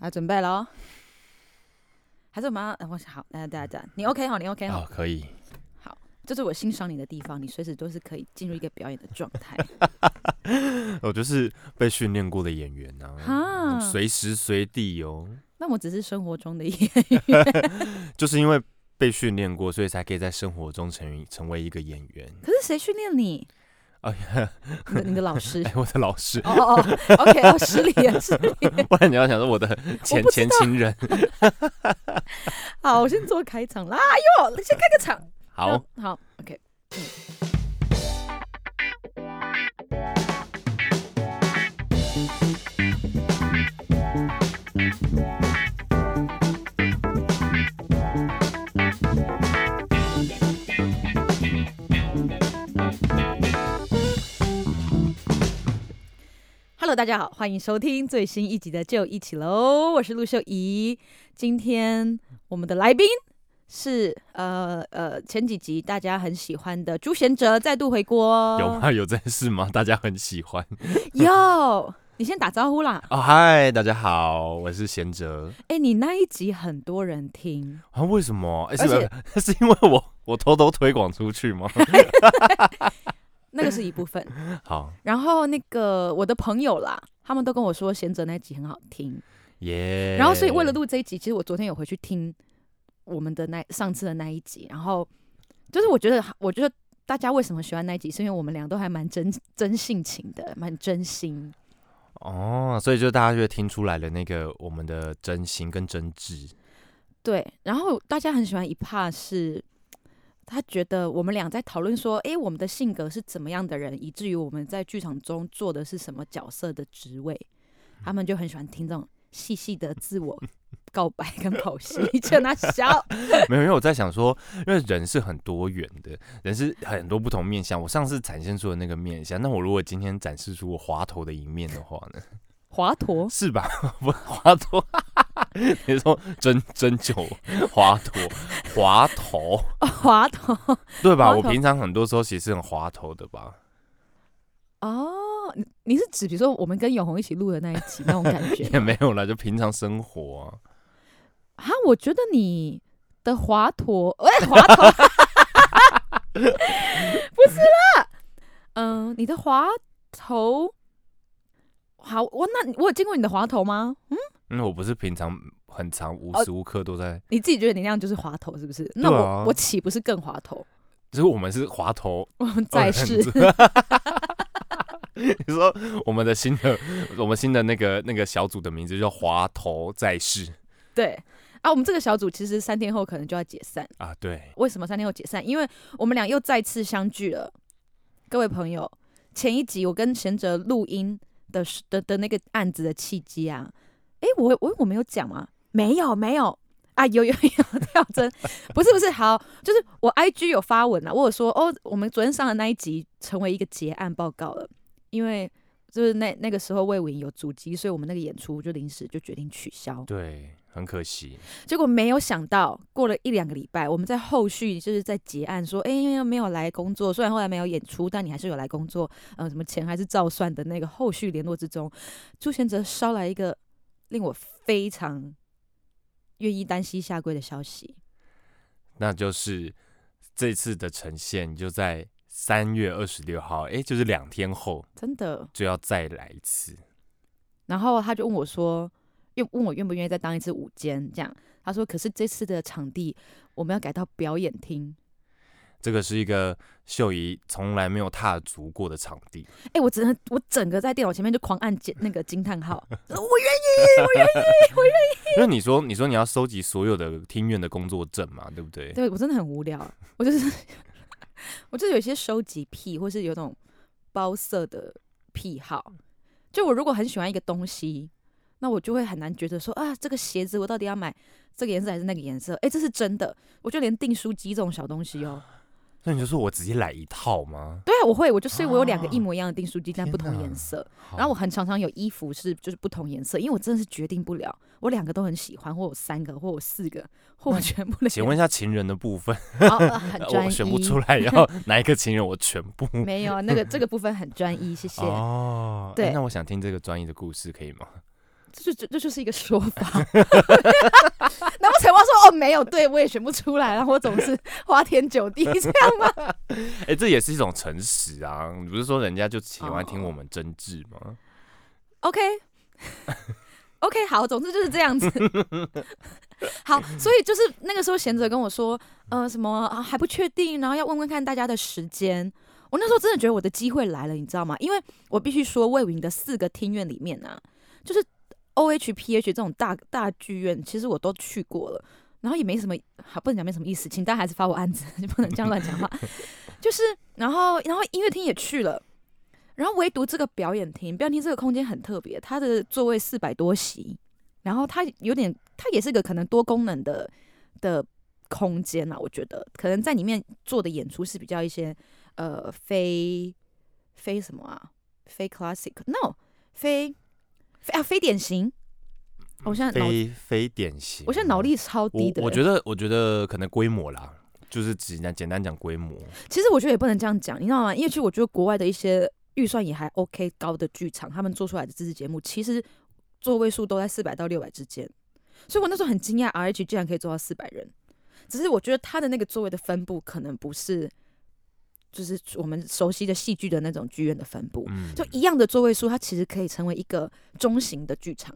啊，準備了哦，還是我們要、啊？我好，大、啊、家、啊啊，你 OK 好，你 OK 好，哦、可以。好，這、就是我欣賞你的地方，你隨時都是可以進入一個表演的狀態。 我就是被訓練過的演員啊，隨、啊嗯、時隨地哦。那我只是生活中的演員， 就是因為被訓練過，所以才可以在生活中成成為一個演員。可是誰訓練你？啊呀！Oh、yeah, 你的老師，哎、我的老師哦、oh, oh, oh，OK，哦、oh, 啊，失禮、啊，失禮。不然你要想說我的前前情人。 好，我先做開場啦。哎、啊、呦，先開個場。好，好，OK、嗯。 大家好，歡迎收聽最新一集的《就一起嘍》，我是陸秀怡，今天我們的來賓是呃呃，前幾集大家很喜歡的朱賢哲再度回鍋。有嗎？有這事嗎？大家很喜歡。有， 你先打招呼啦。哦，嗨，大家好，我是賢哲。哎、欸，你那一集很多人聽啊？為什麼？欸、而且是因為我我偷偷推廣出去嗎？ 那個是一部分，好，然後那個我的朋友啦，他們都跟我說賢哲那一集很好聽，耶。然後所以為了錄這一集，其實我昨天有回去聽我們的那上次的那一集，然後就是我覺得我覺得大家為什麼喜歡那一集，是因為我們倆都還蠻真真性情的，蠻真心。哦，所以就大家就聽出來了那個我們的真心跟真摯。對，然後大家很喜歡一 part 是。他覺得我們倆在討論說，哎，我們的性格是怎麼樣的人，以至於我們在劇場中做的是什麼角色的職位，他們就很喜歡聽這種細細的自我告白跟剖析。 就那笑，沒有，因為我在想說，因為人是很多元的，人是很多不同面向。我上次展現出的那個面向，那我如果今天展示出我滑頭的一面的話呢？滑頭馱是吧？ 不，滑頭。 你說“針針灸”，華佗，滑頭，滑、哦、頭，對吧？頭我平常很多時候其實是很滑頭的吧？哦你，你是指比如說我們跟永紅一起錄的那一集那種感覺？也沒有啦，就平常生活啊。啊，我覺得你的華佗，哎、欸，滑頭， 不是了，嗯、呃，你的滑頭。好，我那我有經過你的滑頭嗎？嗯，那我不是平常很常無時無刻都在、啊。你自己覺得你那樣就是滑頭，是不是？那我、啊、我豈不是更滑頭？就是我們是滑頭。我們再世。樣 你說我們的新的 我們新的那個那個小組的名字叫滑頭再世。對。對啊，我們這個小組其實三天後可能就要解散啊。對。為什麼三天後解散？因為我們倆又再次相聚了，各位朋友。前一集我跟賢哲錄音。的的的那個案子的契機啊，哎、欸，我我我沒有講嗎？沒有沒有啊，有有有跳針， 不是不是，好，就是我 I G 有發文了、啊，我有說哦，我們昨天上的那一集成為一個結案報告了，因為，就是那那個時候衛武營有足跡，所以我們那個演出就臨時就決定取消。對，很可惜。結果沒有想到，過了一兩個禮拜，我們在後續就是在結案說，哎、欸，因為又沒有來工作，雖然後來沒有演出，但你還是有來工作，呃，什麼錢還是照算的那個後續聯絡之中，朱賢哲捎來一個令我非常願意單膝下跪的消息，那就是這次的呈現就在。三月二十六號，哎、欸，就是兩天後，真的就要再來一次。然後他就問我說：“願問我願不願意再當一次舞監？”這樣他說：“可是這次的場地我們要改到表演廳，這個是一個秀儀從來沒有踏足過的場地。”哎、欸，我只能我整個在電腦前面就狂按那個驚嘆號， 我願意，我願意， 我願意。因為你說，你說你要收集所有的廳院的工作證嘛，對不對？對，我真的很無聊，我就是。 我就是有一些收集癖，或是有一種包色的癖好。就我如果很喜歡一個東西，那我就會很難覺得說啊，這個鞋子我到底要買這個顏色還是那個顏色？誒、欸，這是真的，我就連訂書機這種小東西哦、喔。那你就說我直接來一套嗎？對啊，我會，我就所以我有兩個一模一樣的訂書機，啊、但不同顏色。然後我很常常有衣服是就是不同顏色，因為我真的是決定不了，我兩個都很喜歡，或我三個，或我四個，嗯、或我全部的。請問一下情人的部分，哦呃、很專一，我選不出來，然後哪一個情人我全部？ 沒有那個這個部分很專一，謝謝。哦，對、欸，那我想聽這個專一的故事，可以嗎？這就這就是一個說法， 然後難不成我要說哦沒有，對我也選不出來，然後我總是花天酒地這樣嗎？哎、欸，這也是一種誠實啊！你不是說人家就喜歡聽我們爭執嗎、oh.？OK OK，好，總之就是這樣子。 好，所以就是那個時候賢哲跟我說，呃，什麼、啊、還不確定，然後要問問看大家的時間。我那時候真的覺得我的機會來了，你知道嗎？因為我必須說衛武營的四個廳院裡面呢、啊，就是。O H P H 這種大大劇院，其實我都去過了，然後也沒什麼，還不能講沒什麼意思，請大家還是發我案子，就不能這樣亂講話。 就是，然後，然後音樂廳也去了，然後唯獨這個表演廳，表演廳這個空間很特別，它的座位四百多席，然後它有點，它也是個可能多功能的的空間吶、啊。我覺得可能在裡面做的演出是比較一些呃非非什麼啊，非 classic，no，非。非啊，非典型，我現在非非典型，我現在腦力超低的、欸我。我覺得，我覺得可能規模啦，就是只能單講規模。其實我覺得也不能這樣講，你知道嗎？因為其實我覺得國外的一些預算也還 OK 高的劇場，他們做出來的自制節目，其實座位數都在四百到六百之間。所以我那時候很驚訝，R H 竟然可以做到四百人。只是我覺得他的那個座位的分布可能不是。就是我們熟悉的戲劇的那種劇院的分布，嗯、就一樣的座位數，它其實可以成為一個中型的劇場。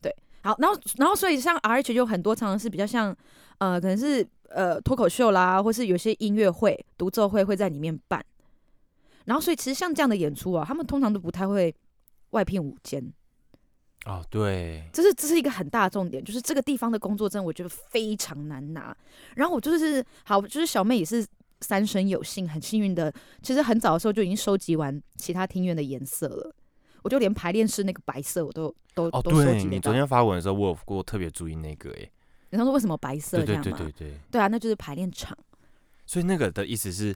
對，好，然後，然後，所以像 R H 就很多，常常是比較像呃，可能是呃脫口秀啦，或是有些音樂會、獨奏會會在裡面辦。然後，所以其實像這樣的演出啊，他們通常都不太會外聘舞監。哦，對，這是這是一個很大的重點，就是這個地方的工作證，我覺得非常難拿。然後我就是好，就是小妹也是。三生有幸，很幸運的，其實很早的時候就已經收集完其他廳院的顏色了。我就連排練室那個白色我都都都收集哦。對，你昨天發文的時候，我有過我特別注意那個，哎，然後說為什麼白色這樣？對對對對對。對啊，那就是排練場。所以那個的意思是，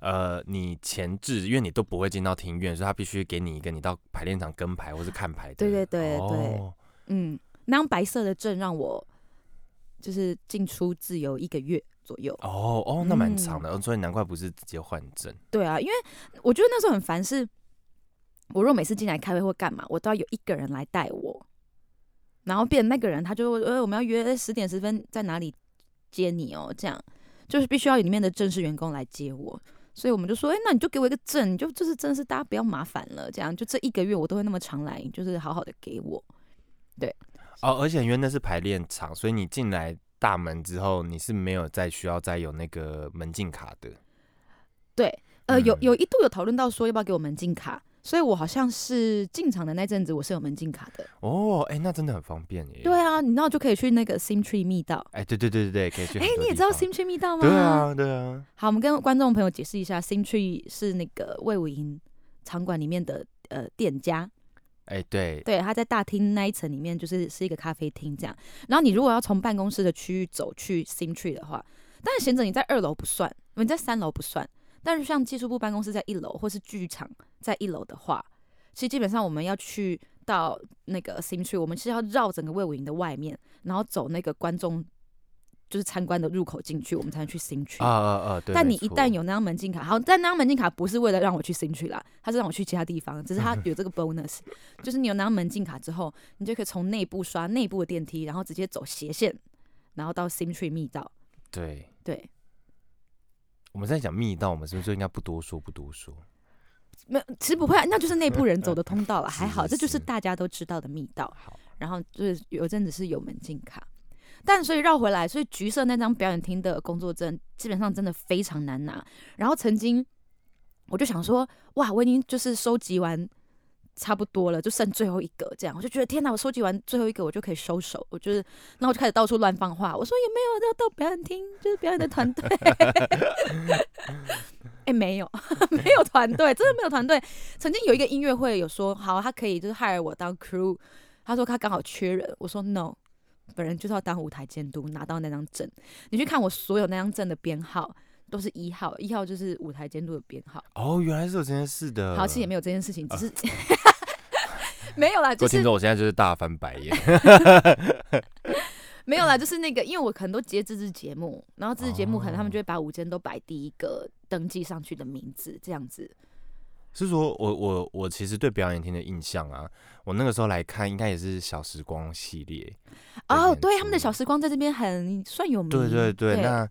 呃，你前置，因為你都不會進到廳院，所以他必須給你一個你到排練場跟排或是看排的。對對對、哦，、對。嗯，那張白色的證讓我就是進出自由一個月左右哦哦，那蠻長的，嗯、所以難怪不是直接換證。對啊，因為我覺得那時候很煩，是我若每次進來開會或幹嘛，我都要有一個人來帶我，然後變那個人他就說：“呃、欸，我們要約十點十分在哪裡接你哦。”這樣就是必須要裡面的正式員工來接我，所以我們就說：“哎、欸，那你就給我一個證，你就就是正式，大家不要麻煩了。”這樣就這一個月我都會那麼常來，就是好好的給我。對哦，而且因為那是排練場，所以你進來。大門之後，你是沒有再需要再有那個門禁卡的。對，呃，有有一度有討論到說要不要給我門禁卡，所以我好像是進場的那陣子我是有門禁卡的。哦，哎、欸，那真的很方便耶。對啊，你那就可以去那個 SimTree 密道。哎、欸，對對對對對，可以去。哎、欸，你也知道 SimTree 密道嗎？對啊，對啊。好，我們跟觀眾朋友解釋一下，SimTree 是那個衛武營場館裡面的呃店家。哎、欸，對，對，他在大廳那一層裡面就是是一個咖啡廳這樣。然後你如果要從辦公室的區域走去 SymTree 的話，但是賢哲你在二樓不算、呃，你在三樓不算。但是像技術部辦公室在一樓或是劇場在一樓的話，其實基本上我們要去到那個 SymTree，我們是要繞整個衛武營的外面，然後走那個觀眾。就是參觀的入口進去，我們才能去新區。啊啊啊對，但你一旦有那張門禁卡，沒錯。好，但那張門禁卡不是為了讓我去新區啦，他是讓我去其他地方。只是他有這個 bonus， 就是你有那張門禁卡之後，你就可以從內部刷內部的電梯，然後直接走斜線，然後到新區密道。對對，對我們在講密道，我們是不是就應該不多說不多說？沒有，其實不會，那就是內部人走的通道了。 還好，這就是大家都知道的密道。好，然後就是有一陣子是有門禁卡。但所以繞回來，所以橘色那張表演廳的工作證基本上真的非常難拿。然後曾經，我就想說，哇，我已經就是收集完差不多了，就剩最後一個，這樣我就覺得天哪，我收集完最後一個，我就可以收手。我就是，然後我就開始到處亂放話，我說有沒有要到表演廳，就是表演的團隊。哎，沒有， 沒有團隊，真的沒有團隊。曾經有一個音樂會有說好，他可以就是 hire 我當 crew，他說他剛好缺人，我說 no。本人就是要當舞台監督，拿到那張證。你去看我所有那張證的編號，都是一號。一號就是舞台監督的編號。哦，原來是有這件事的。好像也沒有這件事情，只是、呃、 沒有啦。就是、聽說我現在就是大翻白眼。 沒有啦，就是那個，因為我很多接自製節目，然後自製節目可能他們就會把舞監都擺第一個登記上去的名字，哦、這樣子。是說我，我我我其實對表演廳的印象啊，我那個時候來看，應該也是小時光系列哦。對他們的小時光在這邊很算有名，對對對。對，那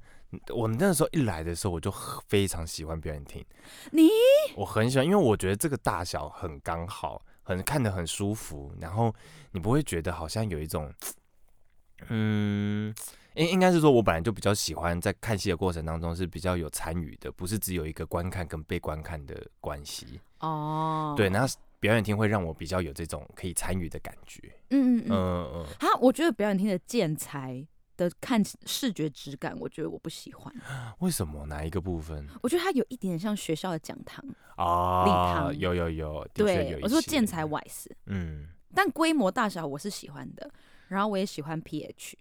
我那時候一來的時候，我就非常喜歡表演廳。你我很喜歡，因為我覺得這個大小很剛好，很看得很舒服，然後你不會覺得好像有一種，嗯。應應該是說，我本來就比較喜歡在看戲的過程當中是比較有參與的，不是只有一個觀看跟被觀看的關係哦。對，然後表演廳會讓我比較有這種可以參與的感覺。嗯嗯嗯嗯，嗯，我覺得表演廳的建材的看視覺質感，我覺得我不喜歡。為什麼？哪一個部分？我覺得它有一點像學校的講堂啊，哦、禮堂。有有有，有對，我說建材 wise。嗯。但規模大小我是喜歡的，然後我也喜歡 PH。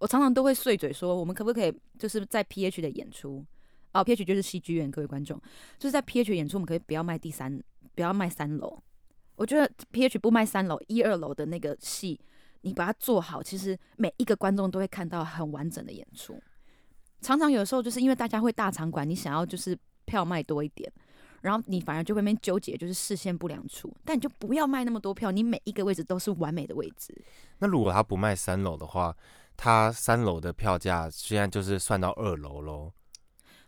我常常都會碎嘴說，我們可不可以就是在 P H 的演出哦，P H 就是戲劇院，各位觀眾，就是在 P H 演出，我們可以不要賣第三，不要賣三樓。我覺得 P H 不賣三樓，一二樓的那個戲，你把它做好，其實每一個觀眾都會看到很完整的演出。常常有的時候就是因為大家會大場館，你想要就是票賣多一點，然後你反而就會在那邊糾結，就是視線不良處，但你就不要賣那麼多票，你每一個位置都是完美的位置。那如果他不賣三樓的話？他三樓的票價，雖然就是算到二樓嘍。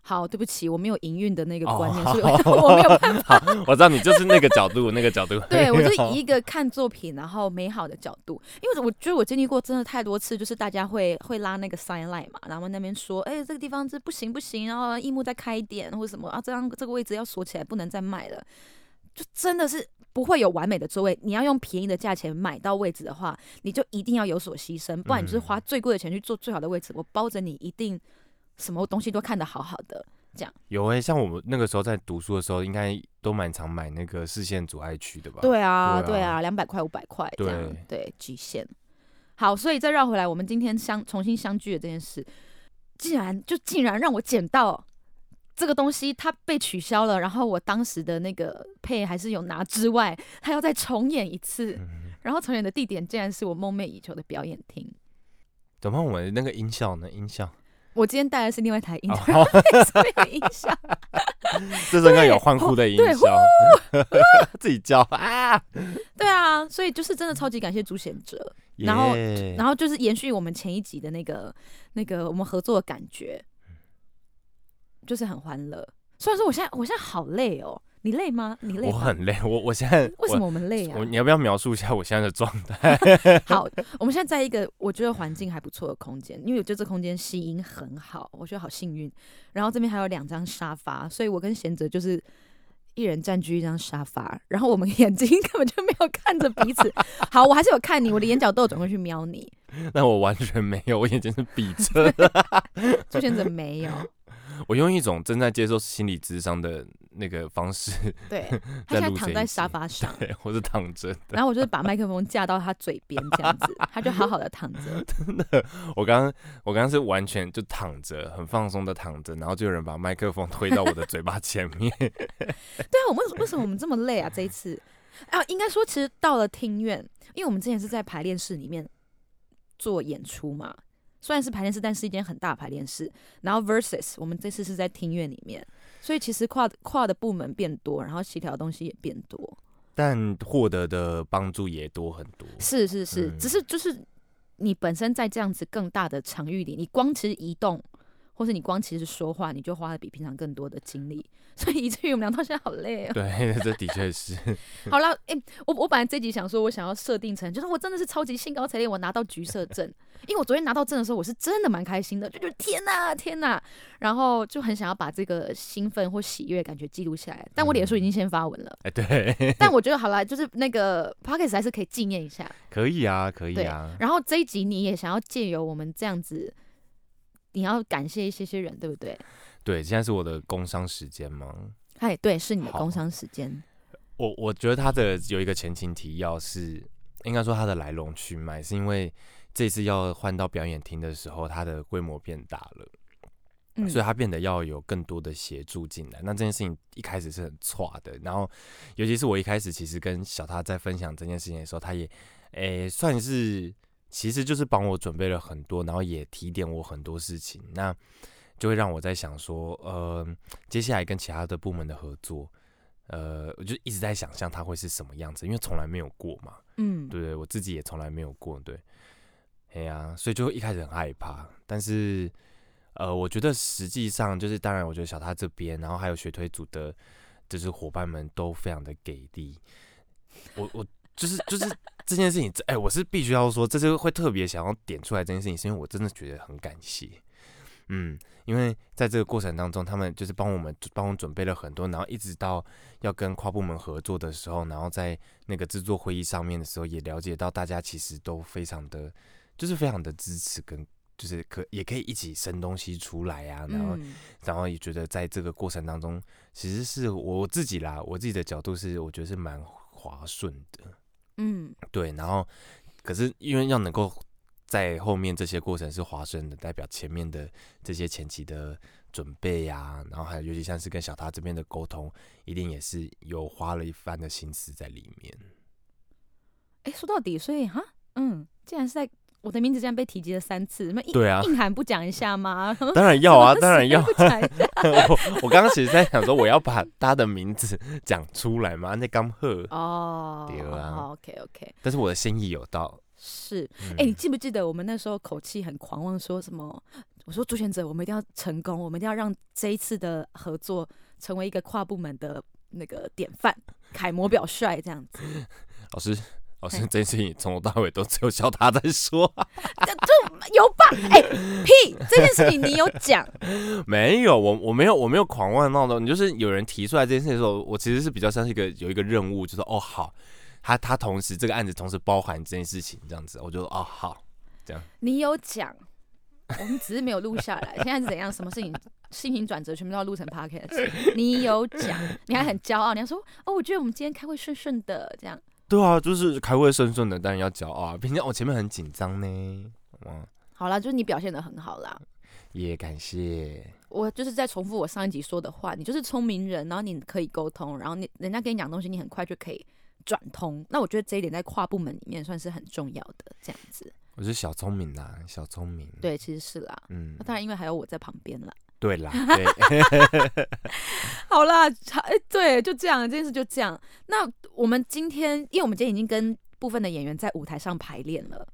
好，對不起，我沒有營運的那個觀念，oh, 所以我, 我沒有辦法。好，我知道你就是那個角度， 那個角度。對，我就以一個看作品然後美好的角度，因為我覺得我經歷過真的太多次，就是大家會會拉那個 side line 嘛，然後那邊說，哎、欸，這個地方是不行不行，然後翼幕再開一點或者什麼啊，這樣，這個位置要鎖起來，不能再賣了。就真的是不會有完美的座位，你要用便宜的價錢買到位置的話，你就一定要有所犧牲，不然你就是花最貴的錢去坐最好的位置。嗯，我包着你一定什麼東西都看得好好的，這樣。有誒、欸，像我們那個時候在讀書的時候，應該都蠻常買那個視線阻礙區的吧？對啊，對啊，兩百塊、五百塊這樣，對，極限。好，所以再繞回來，我們今天相重新相聚的這件事，竟然就竟然讓我撿到。這個東西它被取消了，然後我當時的那個配還是有拿之外，他要再重演一次，嗯、然後重演的地點竟然是我夢寐以求的表演廳。怎麼我們那個音效呢？音效？我今天帶的是另外一台音響、哦，音效 這應該有歡呼的音效，對哦、對呼呼呼 自己叫。啊。對啊，所以就是真的超級感謝朱賢哲，嗯、然後耶然後就是延續我們前一集的那個那個我們合作的感覺。就是很歡樂，雖然說我現在我現在好累哦，你累嗎？你累嗎？我很累，我我現在為什麼我們累啊？我，我你要不要描述一下我現在的狀態？ 好，我們現在在一個我覺得環境還不錯的空間，因為我覺得這空間吸音很好，我覺得好幸運。然後這邊還有兩張沙發，所以我跟賢哲就是一人占據一張沙發，然後我們眼睛根本就沒有看着彼此。好，我還是有看你，我的眼角都有轉過去瞄你。那 我完全沒有，我眼睛是閉着的。就 賢 哲沒有。我用一種正在接受心理諮商的那個方式對、啊，對，他現在躺在沙發上，對，或是躺着，然後我就是把麥克風架到他嘴邊這樣子， 他就好好的躺着。 真的，我剛我剛是完全就躺着，很放鬆的躺着，然後就有人把麥克風推到我的嘴巴前面。 對啊，我們為什麼我們這麼累啊？這一次啊，應該說其實到了廳院，因為我們之前是在排練室裡面做演出嘛。雖然是排練室，但是一間很大的排練室。然後 versus 我們這次是在廳院裡面，所以其實跨跨的部門變多，然後協調的東西也變多，但獲得的幫助也多很多。是是是，嗯、只是就是你本身在這樣子更大的場域裡，你光是移動。或是你光其實說話，你就花了比平常更多的精力，所以以至於我們倆到現在好累啊、喔。對，這的確是 好啦。好了，誒，我我本來這集想說我想要設定成，就是我真的是超級興高采烈，我拿到橘色證， 因為我昨天拿到證的時候，我是真的蠻開心的，就覺得天哪、啊、天哪、啊，然後就很想要把這個興奮或喜悅感覺記錄下來，但我臉書已經先發文了。哎、嗯欸，對。 但我覺得好了，就是那個 Podcast 還是可以紀念一下。可以啊，可以啊。然後這一集你也想要借由我們這樣子。你要感謝一些些人，對不對？對，現在是我的工商時間嗎？哎，hey, 對，是你的工商時間。我我覺得他的有一個前情提要，是應該說他的來龍去脈，是因為這次要換到表演廳的時候，他的規模變大了，嗯，所以他變得要有更多的協助進來。那這件事情一開始是很差的，然後尤其是我一開始其實跟小他在分享這件事情的時候，他也誒算是。其實就是幫我準備了很多，然後也提點我很多事情，那就會讓我在想說，呃，接下來跟其他的部門的合作，呃，我就一直在想象它會是什麼樣子，因為從來沒有過嘛，嗯，對，我自己也從來沒有過，對，哎呀、啊，所以就一開始很害怕，但是，呃，我覺得實際上就是，當然，我覺得小他這邊，然後還有學推組的，就是伙伴們都非常的給力，我我。就是就是這件事情，哎、欸，我是必須要說，這是會特別想要點出來這件事情，是因為我真的覺得很感謝，嗯，因為在這個過程當中，他們就是幫我們幫我們準備了很多，然後一直到要跟跨部門合作的時候，然後在那個製作會議上面的時候，也了解到大家其實都非常的，就是非常的支持，跟就是可也可以一起生東西出來啊，然後、嗯、然後也覺得在這個過程當中，其實是我自己啦，我自己的角度是我覺得是蠻滑順的。嗯，對，然後可是因為要能夠在後面這些過程是划算的，代表前面的這些前期的準備呀、啊，然後還有尤其像是跟小賊這邊的溝通，一定也是有花了一番的心思在裡面。哎、欸，說到底，所以哈，嗯，既然是在。我的名字竟然被提及了三次，那硬對啊，硬漢不講一下嗎？當然要啊， 當然要、啊 我。我剛剛其實在想說，我要把他的名字講出來嘛。那剛賀哦，OK OK，但是我的心意有到。是，哎、嗯欸，你記不記得我們那時候口氣很狂妄，說什麼？我說朱賢哲，我們一定要成功，我們一定要讓這一次的合作成為一個跨部門的那個典範、楷模、表率這樣子。 老師。好像這件事情從頭到尾都只有叫他在說， 就有吧？哎、欸，屁！這件事情你，你有講？ 沒有，我我沒有我沒有狂妄鬧種。你就是有人提出來這件事情的時候，我其實是比較像是一個有一個任務，就是哦好，他他同時這個案子同時包含這件事情這樣子，我就說哦好這樣。你有講，我們只是沒有錄下來。 現在是怎樣？什麼事情心情轉折全部都要錄成 Podcast。你有講，你還很驕傲，你要說哦，我覺得我們今天開會順順的這樣。對啊，就是開會順順的，當然要驕傲。平常我前面很緊張呢，嗯，好啦，就是你表現得很好啦，也、yeah, 感謝。我就是再重複我上一集說的話，你就是聰明人，然後你可以溝通，然後你人家跟你講東西，你很快就可以轉通。那我覺得這一點在跨部門裡面算是很重要的，這樣子。我是小聰明啦，小聰明。對，其實是啦、啊，嗯、啊，當然因為還有我在旁邊啦。對啦， 好啦，哎，對，就這樣，這件事就這樣。那我們今天，因為我們今天已經跟部分的演員在舞台上排練了，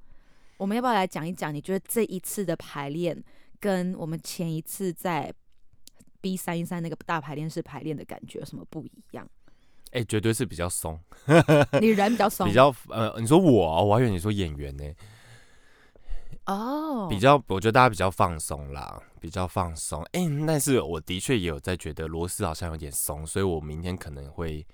我們要不要來講一講？你覺得這一次的排練跟我們前一次在 B 三一三那個大排練室排練的感覺有什麼不一樣？哎，絕對是比較鬆，你人比較鬆，比較呃，你說我、哦，我還以為你說演員呢、欸。哦，oh, 比較，我覺得大家比較放鬆啦，比較放鬆。哎、欸，但是我的確也有在覺得螺絲好像有點鬆，所以我明天可能會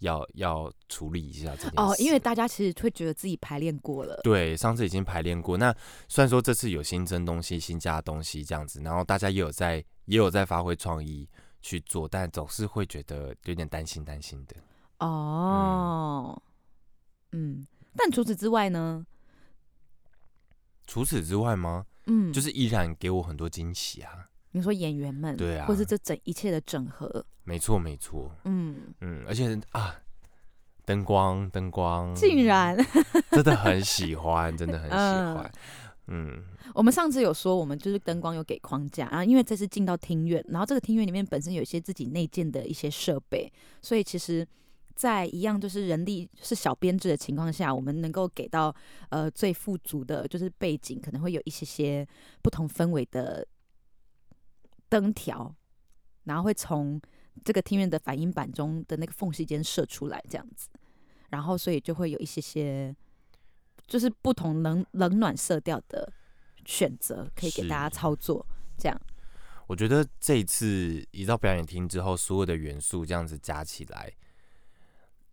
要要處理一下這件事。哦，oh, 因為大家其實會覺得自己排練過了，對，上次已經排練過。那雖然說這次有新增東西、新加東西這樣子，然後大家也有在也有在發揮創意去做，但總是會覺得有點擔心擔心的。哦、oh, 嗯，嗯。但除此之外呢？除此之外嗎？嗯，就是依然給我很多驚喜啊！你說演員們，對啊，或是這整一切的整合，沒錯沒錯，嗯嗯，而且啊，燈光燈光竟然、 嗯、真的很喜歡，真的很喜歡，嗯，嗯我們上次有說，我們就是燈光有給框架，然、啊、後因為這次進到廳院，然後這個廳院裡面本身有一些自己內建的一些設備，所以其實。在一樣就是人力是小編制的情況下，我們能夠給到呃最富足的就是背景，可能會有一些些不同氛圍的燈條，然後會從這個廳院的反音板中的那個縫隙間射出來，這樣子，然後所以就會有一些些就是不同冷冷暖色調的選擇可以給大家操作是這樣。我覺得這一次移到表演廳之後，所有的元素這樣子加起來。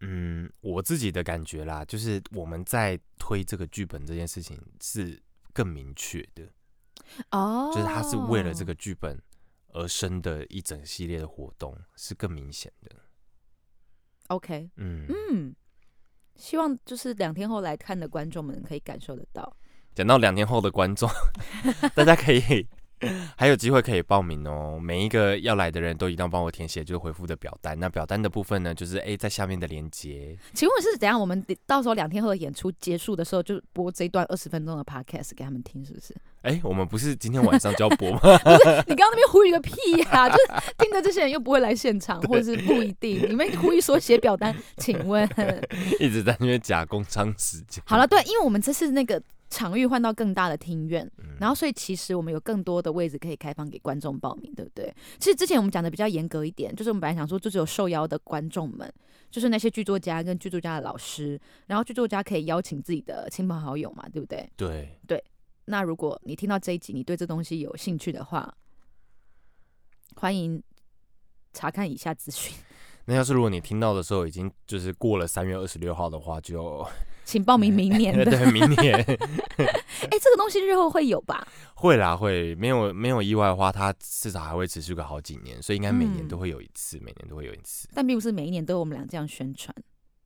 嗯，我自己的感覺啦，就是我們在推這個劇本這件事情是更明確的哦，oh. 就是他是為了這個劇本而生的一整系列的活動是更明顯的。OK，嗯嗯，希望就是兩天後來看的觀眾們可以感受得到。講到兩天後的觀眾，大家可以。 還有機會可以報名哦！每一個要來的人都一定要幫我填寫，就是回復的表單。那表單的部分呢，就是、欸、在下面的連結。請問是怎樣？我們到時候兩天後的演出結束的時候，就播這一段二十分鐘的 podcast 給他們聽，是不是？哎、欸，我們不是今天晚上就要播嗎？ 不是你剛剛那邊呼籲個屁呀、啊！ 就是聽着這些人又不會來現場， 或者是不一定，你們呼籲說寫表單， 請問 一直在那邊假公時間好了，對，因為我們這是那個。場域換到更大的廳院，然後所以其實我們有更多的位置可以開放給觀眾報名，對不對？其實之前我們講的比較嚴格一點，就是我們本來想說，就只有受邀的觀眾們，就是那些劇作家跟劇作家的老師，然後劇作家可以邀請自己的親朋好友嘛，對不對？對對。那如果你聽到這一集，你對這東西有興趣的話，歡迎查看以下資訊。那要是如果你聽到的時候已經就是過了三月二十六號的話就，就請報名明年、嗯、對，明年。哎、 欸，這個東西日後會有吧？會啦，會。沒有沒有意外的話，它至少還會持續個好幾年，所以應該每年都會有一次，嗯、每年都會有一次。但並不是每一年都有我們倆這樣宣傳。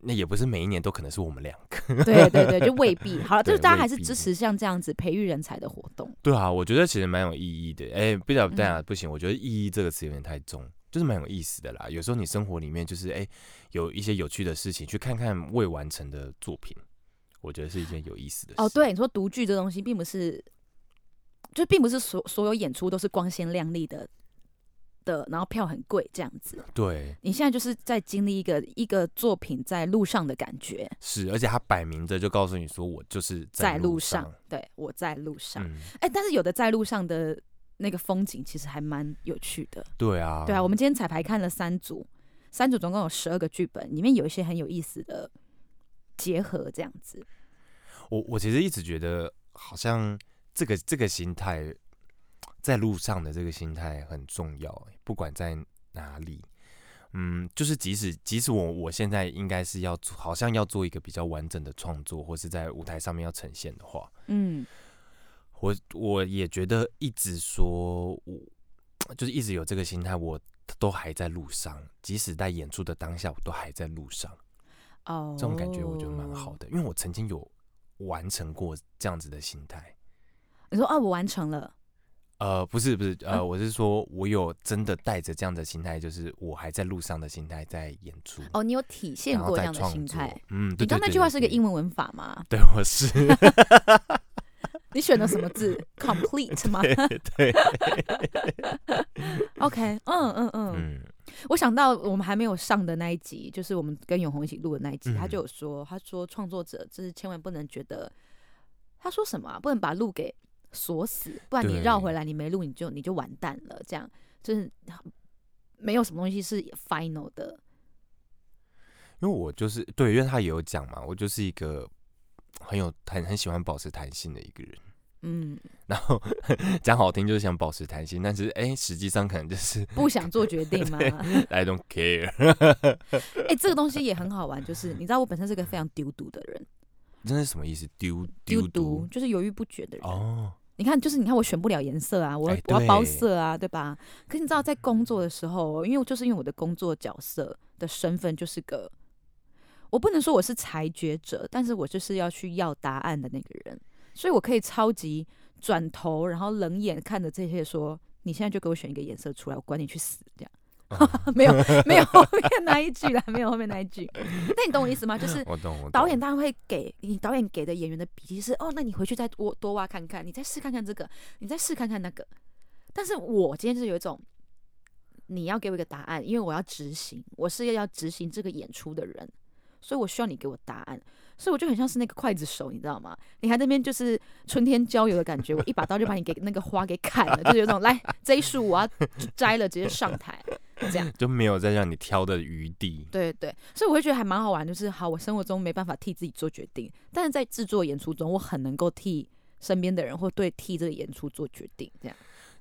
那也不是每一年都可能是我們兩個。 對對對，就未必。好了，就是大家還是支持像這樣子培育人才的活動。對啊，我覺得其實蠻有意義的。哎、欸，嗯、比較不曉得，啊，不行，我覺得“意義”這個詞有點太重。就是蠻有意思的啦，有時候你生活裡面就是哎、欸，有一些有趣的事情，去看看未完成的作品，我覺得是一件有意思的事哦。對，你說讀劇這東西並不是，就並不是所所有演出都是光鮮亮麗的的，然後票很貴這樣子。對，你現在就是在經歷一個一個作品在路上的感覺。是，而且他擺明着就告訴你說，我就是在路上，在路上，對，我在路上。哎、嗯欸，但是有的在路上的，那個風景其實還蠻有趣的。對啊，對啊，我們今天彩排看了三組，三組總共有十二個劇本，裡面有一些很有意思的結合，這樣子。我我其實一直覺得，好像這個這個心態，在路上的這個心態很重要，欸，不管在哪裡。嗯，就是即使即使我我現在應該是要做好像要做一個比較完整的創作，或是在舞台上面要呈現的話，嗯。我我也覺得一直說，我就是一直有這個心態，我都還在路上。即使在演出的當下，我都還在路上。哦，oh, 這種感覺我覺得蠻好的，因為我曾經有完成過這樣子的心態。你說啊，我完成了？呃，不是不是，呃，嗯、我是說我有真的帶着這樣的心態，就是我還在路上的心態在演出。哦，oh, 你有體現過這樣的心態？嗯，對對對對，你知道那句話是個英文文法嗎？對，我是。 你選的什麼字 ？Complete 嗎？對，對 ，OK，嗯、um, 嗯、um, um, 嗯，我想到我們還沒有上的那一集，就是我們跟永紅一起錄的那一集，嗯、他就有說，他說創作者就是千萬不能覺得，他說什麼啊，不能把路給鎖死，不然你繞回來，對你沒錄你就你就完蛋了，這樣就是沒有什麼東西是 final 的。因為我就是對，因為他也有講嘛，我就是一個。很有很很喜歡保持彈性的一個人，嗯，然後講好聽就是想保持彈性，但是哎，實際上可能就是不想做決定嘛 ？I don't care。哎， 這個東西也很好玩，就是你知道我本身是個非常丟毒的人，這是什麼意思？丟丟毒,丟毒就是猶豫不決的人。哦，你看，就是你看我選不了顏色啊，我要我要包色啊，哎、對,對吧？可你知道在工作的時候，因為就是因為我的工作角色的身份就是個。我不能說我是裁決者，但是我就是要去要答案的那個人，所以我可以超級轉頭，然後冷眼看着這些說：“你現在就給我選一個顏色出來，我管你去死！”這樣、哦、哈哈沒有沒有後面那一句了，沒有後面那一， 一句。那你懂我意思嗎？就是我懂，我懂。導演當然會給你導演給的演員的筆記是：哦，那你回去再多多挖看看，你再試看看這個，你再試看看那個。但是我今天就是有一種你要給我一個答案，因為我要執行，我是要要執行這個演出的人。所以，我需要你給我答案。所以，我就很像是那個劊子手，你知道嗎？你看那邊就是春天郊遊的感覺，我一把刀就把你給那個花給砍了， 就有這種來這一束我要摘了，直接上台，這樣就沒有再讓你挑的餘地。對，對對，所以我會覺得還蠻好玩，就是好，我生活中沒辦法替自己做決定，但是在製作演出中，我很能夠替身邊的人或對替這個演出做決定，這樣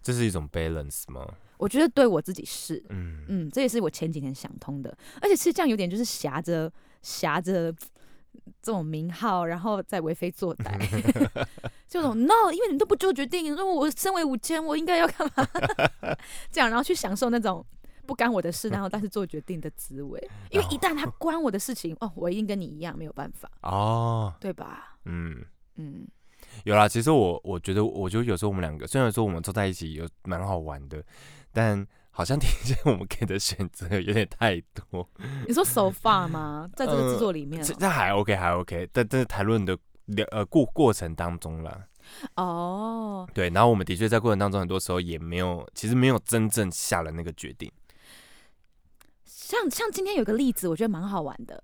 這是一種 balance 嗎？我覺得對我自己是，嗯嗯，這也是我前幾天想通的。而且其實這樣有點就是挾着挾着這種名號，然後再為非作歹， 就那種 no，因為你都不做決定，你說我身為五千，我應該要幹嘛？ 這樣，然後去享受那種不干我的事，然後但是做決定的滋味。 因為一旦他關我的事情，哦，我一定跟你一樣沒有辦法，哦，oh, 對吧？嗯嗯，嗯有啦。其實我我覺得我就有時候我們兩個雖然說我們坐在一起有蠻好玩的。但好像聽見我們給的選擇有點太多。你說 so far 嗎？ 在這個制作裡面，呃，這還 OK，還 OK 但。但但是談論的呃過過程當中了，哦，oh。對。然後我們的確在過程當中，很多時候也沒有，其實沒有真正下了那個決定。像像今天有個例子，我覺得蠻好玩的。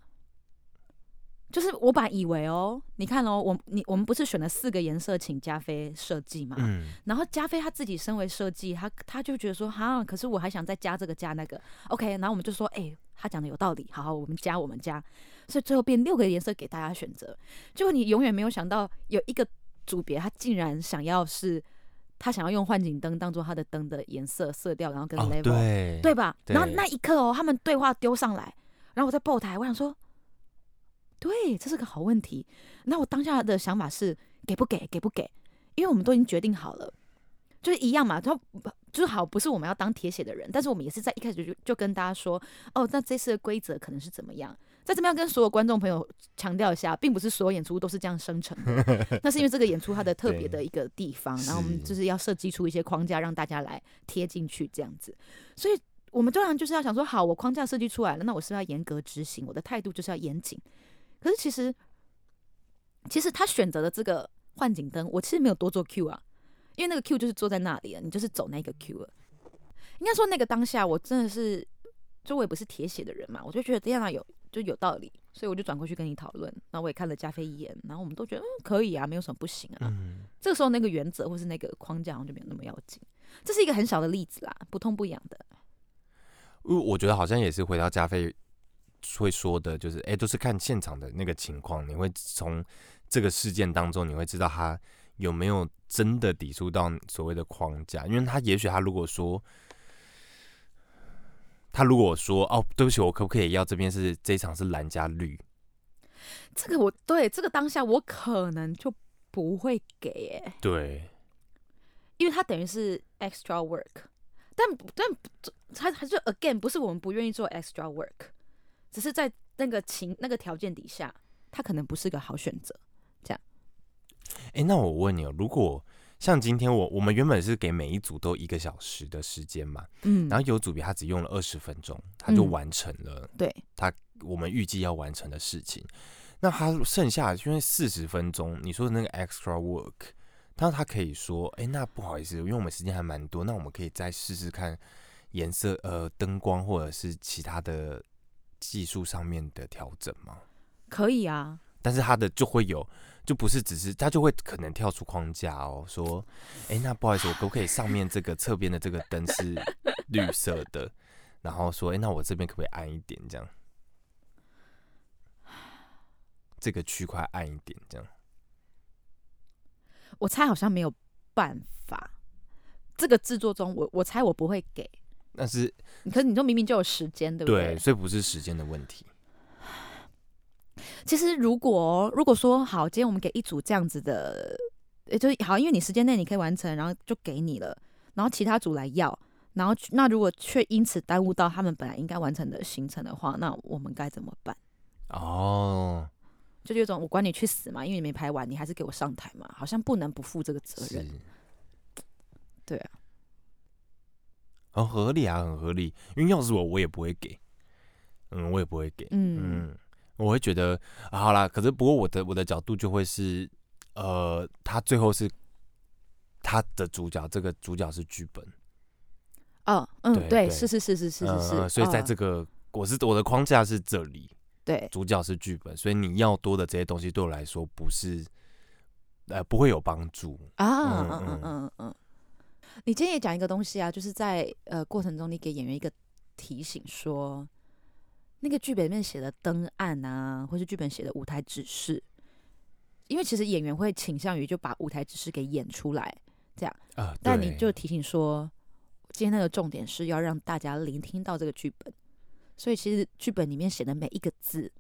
就是我本以為哦，你看哦，我你我們不是選了四個顏色請加菲設計嘛，嗯、然後加菲他自己身為設計，他他就覺得說哈，可是我還想再加這個加那個，OK，然後我們就說哎、欸，他講的有道理，好好，我們加我們加，所以最後變六個顏色給大家選擇。最後你永遠沒有想到有一個組別，他竟然想要是，他想要用幻景燈當做他的燈的顏色色調，然後跟 level、哦、對，對吧？然後那一刻哦，對他們對話丟上來，然後我在播台，我想說。對，這是個好問題。那我當下的想法是給不給，給不給？因為我們都已經決定好了，就是一樣嘛。他就是好，不是我們要當鐵血的人，但是我們也是在一開始就就跟大家說，哦，那這次的規則可能是怎麼樣？在這邊要跟所有觀眾朋友強調一下，並不是所有演出都是這樣生成的。 那是因為這個演出它的特別的一個地方，嗯、然後我們就是要設計出一些框架讓大家來貼進去這樣子。所以我們當然就是要想說，好，我框架設計出來了，那我是不是要嚴格執行，我的態度就是要嚴謹。可是其實，其實他選擇的這個幻景燈，我其實沒有多做 Q 啊，因為那個 Q 就是坐在那裡啊，你就是走那個 Q 啊。應該說那個當下，我真的是，因為我也不是鐵血的人嘛，我就覺得這樣啊，有就有道理，所以我就轉過去跟你討論。那我也看了加菲一眼，然後我們都覺得嗯可以啊，沒有什麼不行啊。嗯、這個時候那個原則或是那個框架好像就沒有那麼要緊。這是一個很小的例子啦，不痛不癢的。我覺得好像也是回到加菲。會說的就是，哎、欸，都是看現場的那個情況。你會從這個事件當中，你會知道他有沒有真的抵觸到所謂的框架，因為他也許他如果說，他如果說，哦，對不起，我可不可以要這邊是這一場是藍加綠？這個我對這個當下我可能就不會給，哎，對，因為他等於是 extra work，但但他還是 again，不是我們不願意做 extra work。只是在那個情那個條件底下，他可能不是個好選擇。這樣，哎、欸，那我問你哦，如果像今天我我們原本是給每一組都一個小時的時間嘛，嗯，然後有組別他只用了二十分鐘，他就完成了，對，他我們預計要完成的事情，嗯、那他剩下因為四十分鐘你說的那個 extra work，那他可以說，哎、欸，那不好意思，因為我們時間還蠻多，那我們可以再試試看顏色，呃，燈光或者是其他的。技術上面的調整嗎？可以啊，但是他的就會有，就不是只是，他就會可能跳出框架哦，說，哎、欸，那不好意思，我可不可以上面這個側邊的這個燈是綠色的， 然後說，哎、欸，那我這邊可不可以暗一點？這樣，這個區塊暗一點，這樣，我猜好像沒有辦法，這個製作中我，我我猜我不會給。但是，可是你這明明就有時間，對，對不對？對，所以不是時間的問題。其實如果如果說好，今天我們給一組這樣子的，也就是好，因為你時間內你可以完成，然後就給你了，然後其他組來要，然後那如果卻因此耽誤到他們本來應該完成的行程的話，那我們該怎麼辦？哦，就這種我管你去死嘛，因為你沒拍完，你還是給我上台嘛，好像不能不負這個責任。是對啊。很合理啊，很合理，因為要是我，我也不會給，嗯，我也不會給，嗯嗯，我會覺得、啊、好啦。可是不過我的我的角度就會是，呃，他最後是他的主角，這個主角是劇本，哦，嗯，對，對，是是是是是是是，嗯呃、所以在這個我是我的框架是這裡，對，主角是劇本，所以你要多的這些東西對我來說不是，呃，不會有幫助啊，哦、嗯嗯嗯嗯嗯。你今天也講一個東西啊，就是在呃過程中，你給演員一個提醒說，那個劇本裡面寫的燈暗啊，或是劇本寫的舞台指示，因為其實演員會傾向於就把舞台指示給演出來，這樣啊。但你就提醒說，今天那個重點是要讓大家聆聽到這個劇本，所以其實劇本裡面寫的每一個字，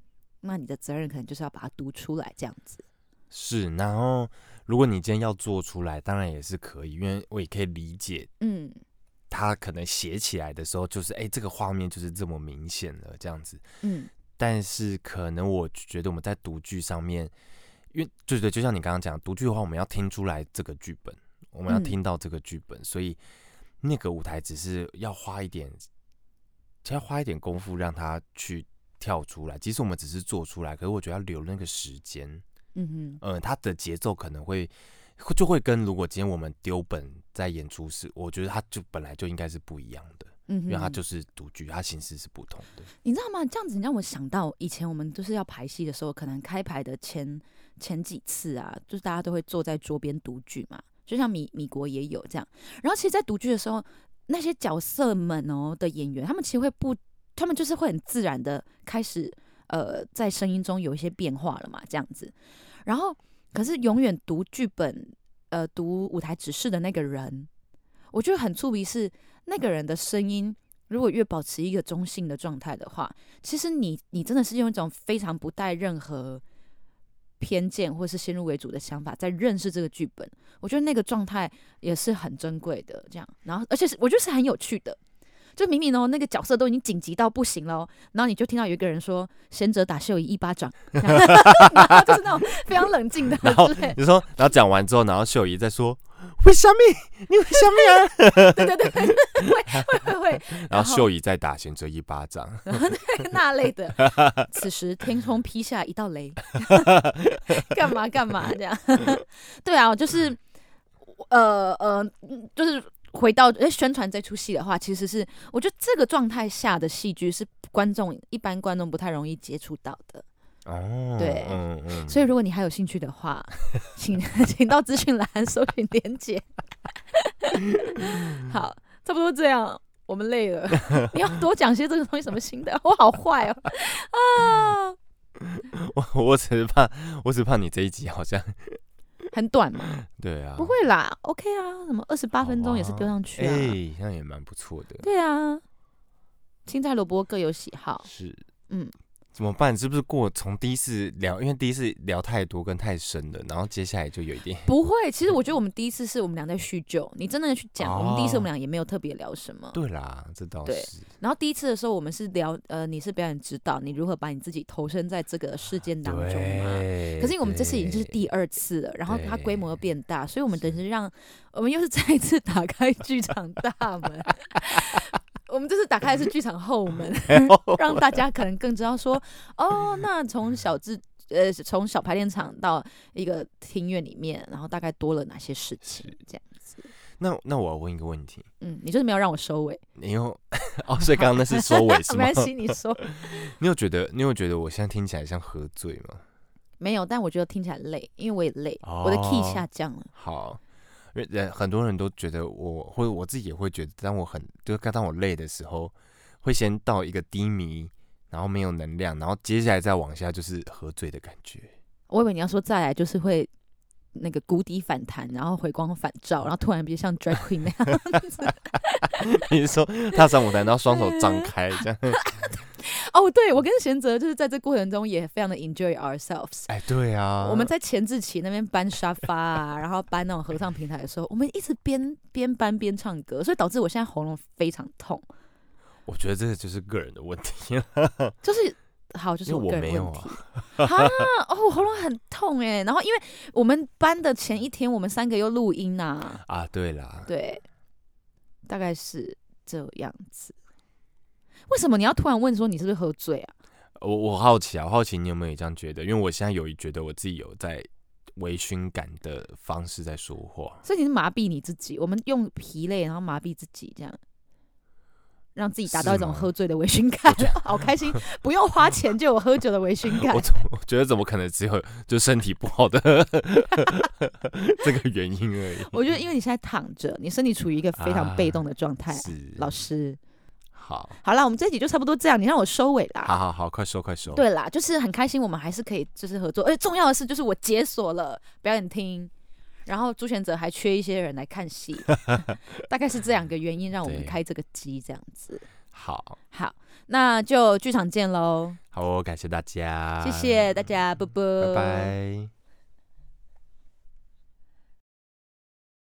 那你的責任可能就是要把它讀出來，這樣子。是，然後如果你今天要做出來，當然也是可以，因為我也可以理解，嗯，他可能寫起來的時候就是，哎、嗯欸，這個畫面就是這麼明顯了這樣子，嗯，但是可能我覺得我們在讀劇上面，因為對對，就像你剛剛講，讀劇的話，我們要聽出來這個劇本，我們要聽到這個劇本，嗯、所以那個舞台只是要花一點，其實要花一點功夫讓它去跳出來。即使我們只是做出來，可是我覺得要留那個時間。嗯哼，呃，他的節奏可能會，會就會跟如果今天我們丟本在演出時，我覺得他就本來就應該是不一樣的。嗯，因為他就是讀劇，他形式是不同的。你知道嗎？這樣子，你讓我想到以前我們就是要排戲的時候，可能開排的前前幾次啊，就是大家都會坐在桌邊讀劇嘛，就像米米國也有這樣。然後其實，在讀劇的時候，那些角色們哦的演員，他們其實會不，他們就是會很自然的開始。呃，在聲音中有一些變化了嘛，這樣子。然後，可是永遠讀劇本、呃，讀舞台指示的那個人，我覺得很出奇是那個人的聲音，如果越保持一個中性的狀態的話，其實你你真的是用一種非常不帶任何偏見或是先入為主的想法在認識這個劇本，我覺得那個狀態也是很珍貴的。這樣，然後而且是我覺得是很有趣的。就明明哦，那個角色都已經緊急到不行了，然後你就聽到有一個人說：“賢哲打秀儀一巴掌”， 然後就是那種非常冷靜的。 後對你說，然後講完之後，然後秀儀在說：“ 為什麼？你為什麼啊？” 對對對，會會會。 然後秀儀在打賢哲一巴掌 然後， 那類的。 此時天空劈下一道雷，幹 嘛幹嘛這樣？ 對啊，就是，呃呃，就是。回到哎，宣傳這出戲的話，其實是我覺得這個狀態下的戲劇是觀眾一般觀眾不太容易接觸到的。哦、啊，對，嗯嗯，所以如果你還有興趣的話， 請請到資訊欄搜尋連結 好，差不多這樣，我們累了。 你要多講些這個東西什麼新的？我好壞哦， 啊！我我只是怕，我只是怕你這一集好像。很短嘛，對啊，不會啦，OK 啊，什麼二十八分鐘也是丟上去啊，對，哎，那也蠻不錯的。對啊，青菜蘿蔔各有喜好。是，嗯。怎麼辦？你是不是過從第一次聊，因為第一次聊太多跟太深了，然後接下來就有一點不會。其實我覺得我們第一次是我們倆在敘舊，你真的去講，哦、我們第一次我們倆也沒有特別聊什麼。對啦，這倒是對。然後第一次的時候，我們是聊呃，你是表演指導，你如何把你自己投身在這個事件當中嘛、啊？對可是因為我們這次已經是第二次了，對然後它規模變大，所以我們等於讓。是我們又是再一次打開劇場大門， 我們這次打開的是劇場後門， 讓大家可能更知道說，哦，那從小至呃從小排練場到一個廳院裡面，然後大概多了哪些事情這樣子。那那我要問一個問題，嗯，你就是沒有讓我收尾，你有哦，所以剛剛那是收尾， 嗎 沒關係，你說。你有覺得你有覺得我現在聽起來像喝醉嗎？沒有，但我覺得聽起來累，因為我也累，哦、我的 key 下降了。好。人很多人都覺得我，會，我自己也會覺得，當我很就是當我累的時候，會先到一個低迷，然後沒有能量，然後接下來再往下就是喝醉的感覺。我以為你要說再來就是會那個谷底反彈，然後回光返照，然後突然比較像 Drag Queen 那樣。 你是說踏上舞台，然後雙手張開這樣？ 哦，oh, 對，我跟賢哲就是在這過程中也非常的 enjoy ourselves。哎，對啊，我們在錢志奇那邊搬沙發，啊， 然後搬那種合唱平台的時候，我們一直邊邊搬邊唱歌，所以導致我現在喉嚨非常痛。我覺得這個就是個人的問題， 就是好就是我，我沒有啊。啊。 哦，oh，喉嚨很痛哎，然後因為我們搬的前一天，我們三個又錄音吶，啊。啊，對啦，對，大概是這樣子。為什麼你要突然問說你是不是喝醉啊？我我好奇啊，我好奇你有沒有這樣覺得？因為我現在有一覺得我自己有在微醺感的方式在說話，所以你是麻痹你自己，我們用疲累然後麻痹自己，這樣讓自己達到一種喝醉的微醺感， 好開心，不用花錢就有喝酒的微醺感。 我，我覺得怎麼可能只有就身體不好的 這個原因而已？我覺得因為你現在躺着，你身體處於一個非常被動的狀態，啊、是老師。好，好了，我們這一集就差不多這樣，你讓我收尾啦。好好好，快收快收。對啦，就是很開心，我們還是可以就是合作，而且重要的是就是我解鎖了表演廳，然後朱賢哲還缺一些人來看戲， 大概是這兩個原因讓我們開這個集這樣子。好，好，那就劇場見嘍。好，感謝大家，謝謝大家，拜拜。Bye bye